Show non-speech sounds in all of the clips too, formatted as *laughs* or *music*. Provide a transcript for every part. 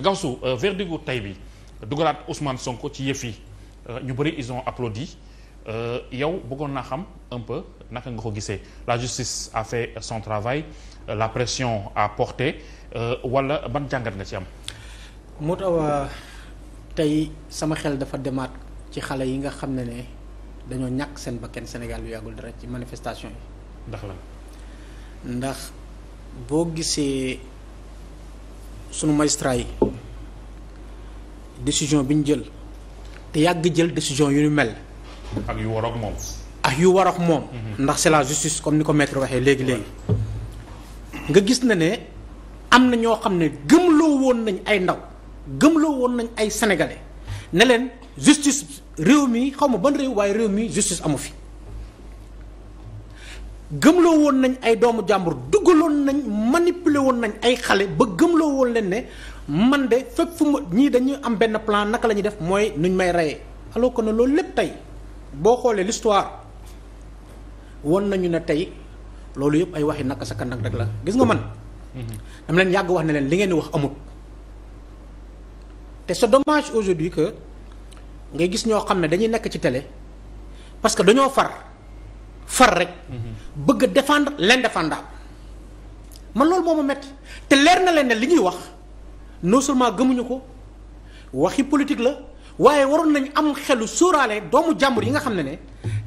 Gaoussou euh, verdigu tey bi dugalaat Ousmane Sonko ci yëf yi euh, ñu bëri ils ont applaudi euh, yow bëggoon naa xam un peu naka nga ko gisee la justice a fait son travail la pression a porté wala ban jàngat nga ci am. moo tax tey sama xel dafa demaat ci xale yi nga xam ne ne dañoo ñàkk seen bakkan Sénégal yu yàggul dara ci manifestation yi. ndax lan ndax boo gisee. sunu magistrat yi décision bi ñu jël te yàgg jël décision yu ñu mel. ak yu war ak moom. ak yu war moom. Mhm. ndax c'est la justice comme ni ko maître waxee léegi léegi. nga gis na ne am na ñoo xam ne gëmloo woon nañ ay ndaw gëmloo woon nañ ay sénégalais ne leen justice réew mii xaw ma ban réew waaye réew mi justice amu fi. gëmloo woon nañ ay doomu jàmbur duggaloon nañ manipuler woon nañ ay xale ba gëmloo woon leen ne man de fépp fu ma ñii dañuy am benn plan naka la ñuy def mooy nuñ may reyee alors que ne loolu lépp tey boo xoolee l'histoire won nañu ne tey loolu yëpp ay waxi naka sa kanam rek la gis nga man dama leen yàgg wax ne leen li ngeen di wax amut te c'est dommage aujourd'hui que ngay gis ñoo xam ne dañuy nekk ci tele parce que dañoo far far rek. bëgg a défendre l'indéfendable man loolu moo ma metti te leer na leen ne li ñuy wax noo seulement gëmuñu ko wax waxi politique la waaye waroon nañu am xelu sóoraale doomu jàmbur yi nga xam ne ne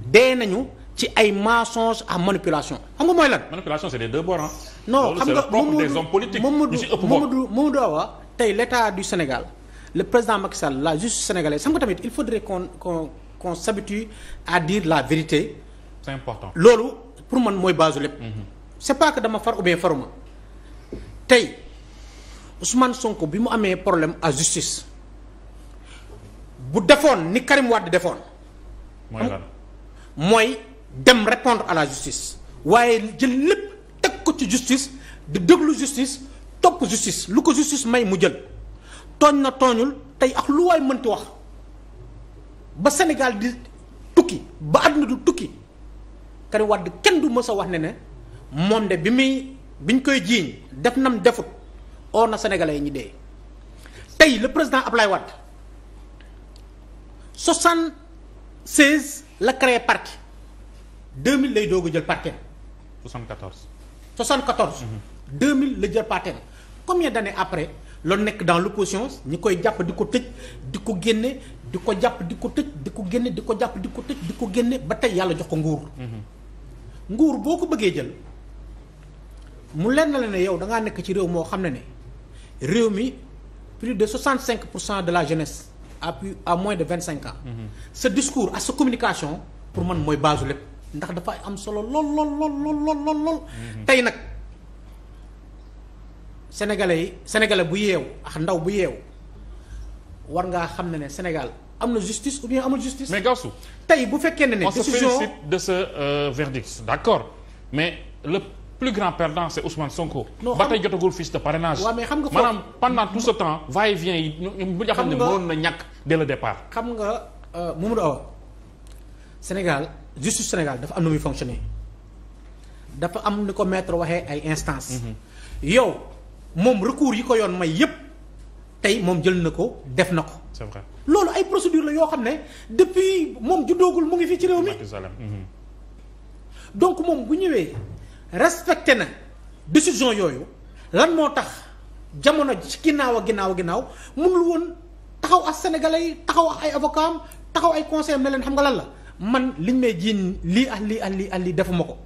dee nañu ci ay mensonge à manipulation xam nga mooy lan. manipulation c'est des deux bords non xam nga Mamadou Mamadou Mamadou Awa tey l'état du Sénégal le président Macky Sall la justice sénégalaise xam nga tamit il faudrait qu'on qu'on qu'on s'habitue à dire la vérité c'est important loolu pour man mooy base lépp. Mhm. c'est pas que dama far ou bien faruma tey Ousmane Sonko bi mu amee problème à justice bu defoon ni Karim Wade defoon. mooy mooy dem répondre à la justice waaye jël lépp teg ko ci justice di déglu justice topp justice lu ko justice may mu jël tooñ na tooñul tey ak lu waay mënti wax ba Sénégal di tukki ba àdduna du tukki. Karim Wade kenn du mës wax ne ne moom de bi muy biñ koy jiiñ def nam defut oo na sénégalais yi ñu dee tey le président Ablaye Wade soixante seize la créé parti deux mille lay doog jël parten soixante quatorze soixante quatorze mhm. deux mille la jël parten combien d'années après loolu nekk dans l'opposition ñi koy jàpp di ko tëj di ko génne di ko jàpp di ko tëj di ko génne di ko jàpp di ko tëj di ko génne ba tey yàlla jox ko nguur mhm. nguur boo ko bëggee jël mu lenn la ne yow da ngaa nekk ci réew moo xam ne ne réew mi plus de cinq pour cent de la jeunesse à plus à moins de 25 ans. sa mhm. discours ak sa communication pour man mooy base lépp ndax dafa am solo lool lool lool lool lool lool. Mhm. tey nag sénégalais yi sénégalais bu yeew ax ndaw bu yeew war ngaa xam ne ne Sénégal. am na justice ou bien amul justice. mais Gaoussou tey bu fekkee ne ne. décision on se félicite de ce euh, verdict d'accord mais le plus grand perdant c'est Ousmane Sonko. ba tey jotagul fiche de parrainage. waaw mais xam nga maanaam pendant tout ce temps. va-et-vient yi bu ñu xam ne mënoon na ñàkk dès le départ. xam nga euh, Mamadou Awa Sénégal justice Sénégal dafa am na muy fonctionner dafa am ni ko maître waxee ay instances. Mhm. yow moom recours yi ko yoon may yépp tey moom jël na ko def na ko. c'est loolu ay procédure la yoo xam ne depuis moom juddoogul mu ngi fii ci réew mi. Mhm. donc moom bu ñëwee respecté na décision yooyu lan moo tax jamono ci ginnaaw a ginnaaw a ginnaaw mënul woon taxaw a sénégalais yi taxaw ak ay avocats am taxaw ay conseils am na leen xam nga lan la man liñ may jiin lii ak lii ak lii ak lii defuma ko.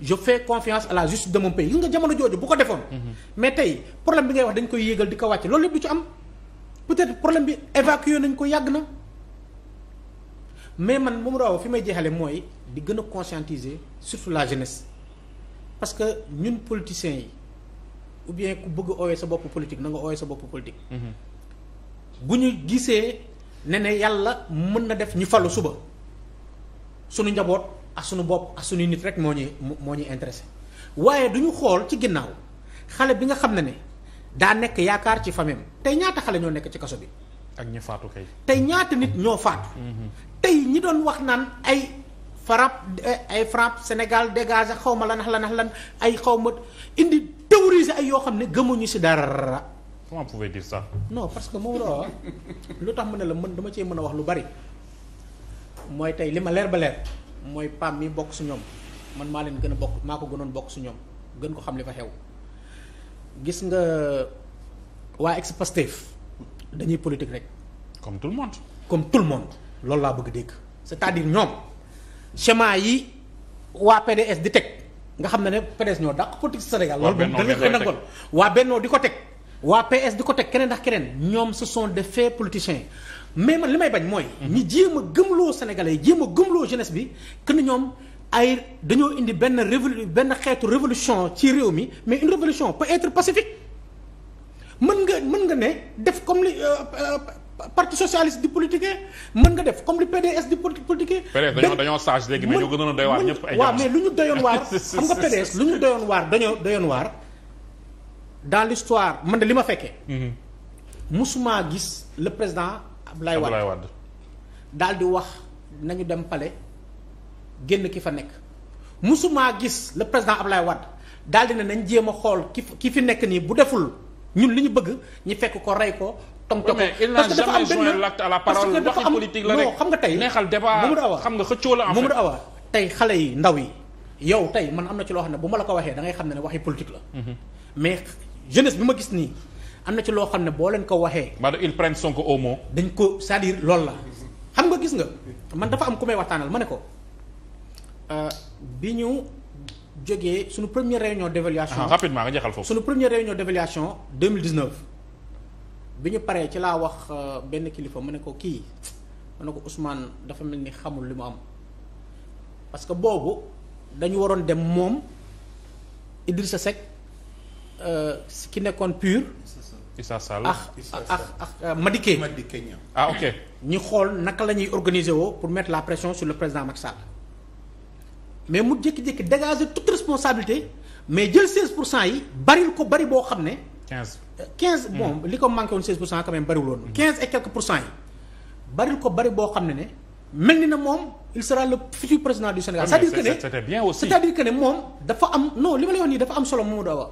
je fais confiance a la justice de mon pays gis nga jamono jooju bu ko defoon. Mhm. mais tey problème bi ngay wax di ko wàcc loolu lépp du ci am. peut-être problème bi évacué nañ ko yàgg na mais man moom raw fi may jeexale mooy di gën a conscientiser surtout la jeunesse parce que ñun politiciens yi ou bien ku bëgg owee sa bopp politique nanga nga sa bopp politique mhm. bu ñu gisee ne ne yàlla mën na def ñu falu suba sunu njaboot ak suñu bopp ak suñu nit rek moo ñuy moo ñuy intéressé waaye du ñu xool ci ginnaaw xale bi nga xam ne ne daa nekk yaakaar ci famem tey ñaata xale ñoo nekk ci kaso bi. ak ñi faatu kay. tey ñaata nit ñoo faatu. Mm-hmm. tey ñi doon wax naan ay frappe ay frappe Sénégal dégage xaw ma lan lan lan ay xawma indi théoriser ay yoo xam ne gëmuñu si dara. comment vous pouvez dire ça. non parce que Maodo lu tax mu ne la mën dama cee mën a wax lu bari mooy tey li ma leer ba leer mooy PAM mi bokk su ñoom man maa leen gën a bokk maa ko gënoon bokk su ñoom gën ko xam li fa xew. gis nga waa ex Pastef dañuy politique rek. comme tout le monde. comme tout le monde loolu laa bëgg dégg c'est-à-dire ñoom schéma yi waa PDS di teg nga xam ne ne PDS ñoo dàq politique Sénégal. loolu moom dañu koy waa Bennoo di ko teg. waa PS di ko teg keneen ndax keneen ñoom ce sont des faits politiciens mais man li may bañ mooy. Mhm. ñi jéem a gëmloo Sénégalais yi jéem a gëmloo jeunesse bi que ñoom. ay dañoo indi benn révolu benn xeetu révolution ci réew mi mais une révolution peut être pacifique mën nga mën nga ne def comme li euh, euh, parti socialiste di politique mën nga def comme li PDS di politique. PDS dañoo sage léegi mais ñu gënoon a doy waar ay waaw mais lu ñu doyoon waar *laughs* xam nga PDS lu ñu doyoon waar dañoo doyoon waar dans l'histoire man de li ma fekkee. Mhm. musuma gis le président Abdoulaye Wade daal di wax nañu dem pale génn ki fa nekk musumaa gis le président Ablaye Wade daal di ne nañ jéem xool ki ki fi nekk nii bu deful ñun li ñu bëgg ñu fekk ko rey ko. tontu ko parce que dafa am benn parce que dafa am non xam nga tey neexal débat xam nga xëccoo la. Mamadou Awa tey xale yi ndaw yi. yow tey man am na ci loo xam ne bu ma la ko waxee da ngay xam ne ne waxi politique la. Mhm. mais jeunesse bi ma gis nii am na ci loo xam ne boo leen ko waxee. maanaam ils prennent Sonko dañ ko cest lool la xam nga gis nga man dafa am ku may waxtaanal ma ne ko. Euh, bi ñu jógee suñu première réunion d'évaluation ah, rapidement nga jeexal foofu suñu première réunion d'évaluation 2019 bi ñu paree ci laa wax euh, benn kilifa mu ne ko kii mu ne ko Ousmane dafa mel ni xamul li mu am parce que boobu dañu waroon dem moom Idrissa Seck euh, ki nekkoon PUR Issa Sall ak ak ak Madické ah ok ñu xool naka la ñuy organiser woo pour mettre la pression sur le président Macky Sall mais mu jékki-jékki dégager toute responsabilité mais jël 16 pour cent yi baril ko bari boo xam ne. 15 15 mm. bon li ko manqué woon 16 pour cent quand bariwul woon. Mm. quinze et quelques pour cent yi baril ko bari boo xam ne ne mel ni na moom il sera le futur président du Sénégal. c'est-à-dire que ne c'était bien aussi c'est-à-dire moom dafa am non li ma lay wax nii dafa am solo moom doo wax.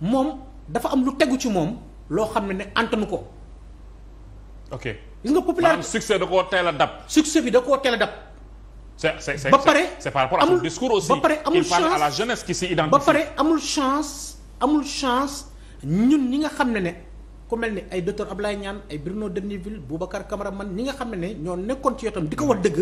moom dafa am lu tegu ci moom loo xam ne ne antanu ko. ok gis nga popularité succès da koo teel a dab. succès bi koo teel a ba pare c'est par rapport à son discours aussi pare amul chance il parle à la jeunesse qui amul chance amul chance ñun ñi nga xam ne ne ku mel ni ay docteur Ablaye Niane ay Bruno Deneville Boubacar Camara man ñi nga xam ne ne ñoo nekkoon ci yotam di ko wax dëgg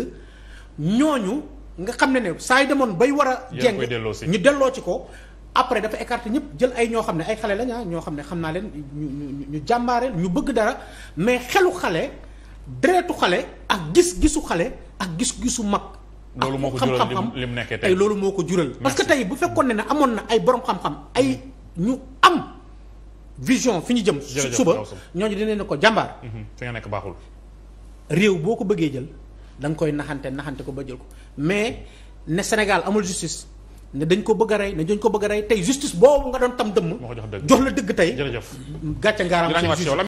ñooñu nga xam ne ne saa yi demoon bay war a jeng ñu delloo ci ko après dafa écarté ñëpp jël ay ñoo xam ne ay xale lañ ah ñoo xam ne xam naa leen ñu ñu ñu jàmbaare ñu bëgg dara mais xelu xale deretu xale ak gis-gisu xale ak gis-gisu mag loolu moo ko jural li mu nekkee tey loolu moo ko jural parce que tey bu fekkoon ne ne amoon na ay borom xam-xam ay ñu am vision fi ñu jëm suba ñooñu dinañ ne ko jàmbaar mm-hmm. fi nga nekk baaxul réew boo ko bëggee jël da koy naxante naxante ko ba jël ko mais ne Sénégal amul justice ne dañ ko bëgg a rey ne dañ ko bëgg a rey tey justice boobu nga doon tam dëmm jox la dëgg tey gàcce ngaaraam